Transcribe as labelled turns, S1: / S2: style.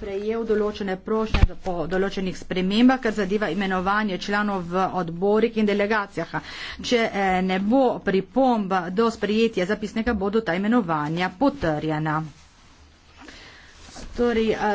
S1: prejel določene prošnje po določenih spremembah, kar zadeva imenovanje članov v odborih in delegacijah. Če eh, ne bo pripomba do sprejetja zapisnega, bodo ta imenovanja potrjena. Torej, eh,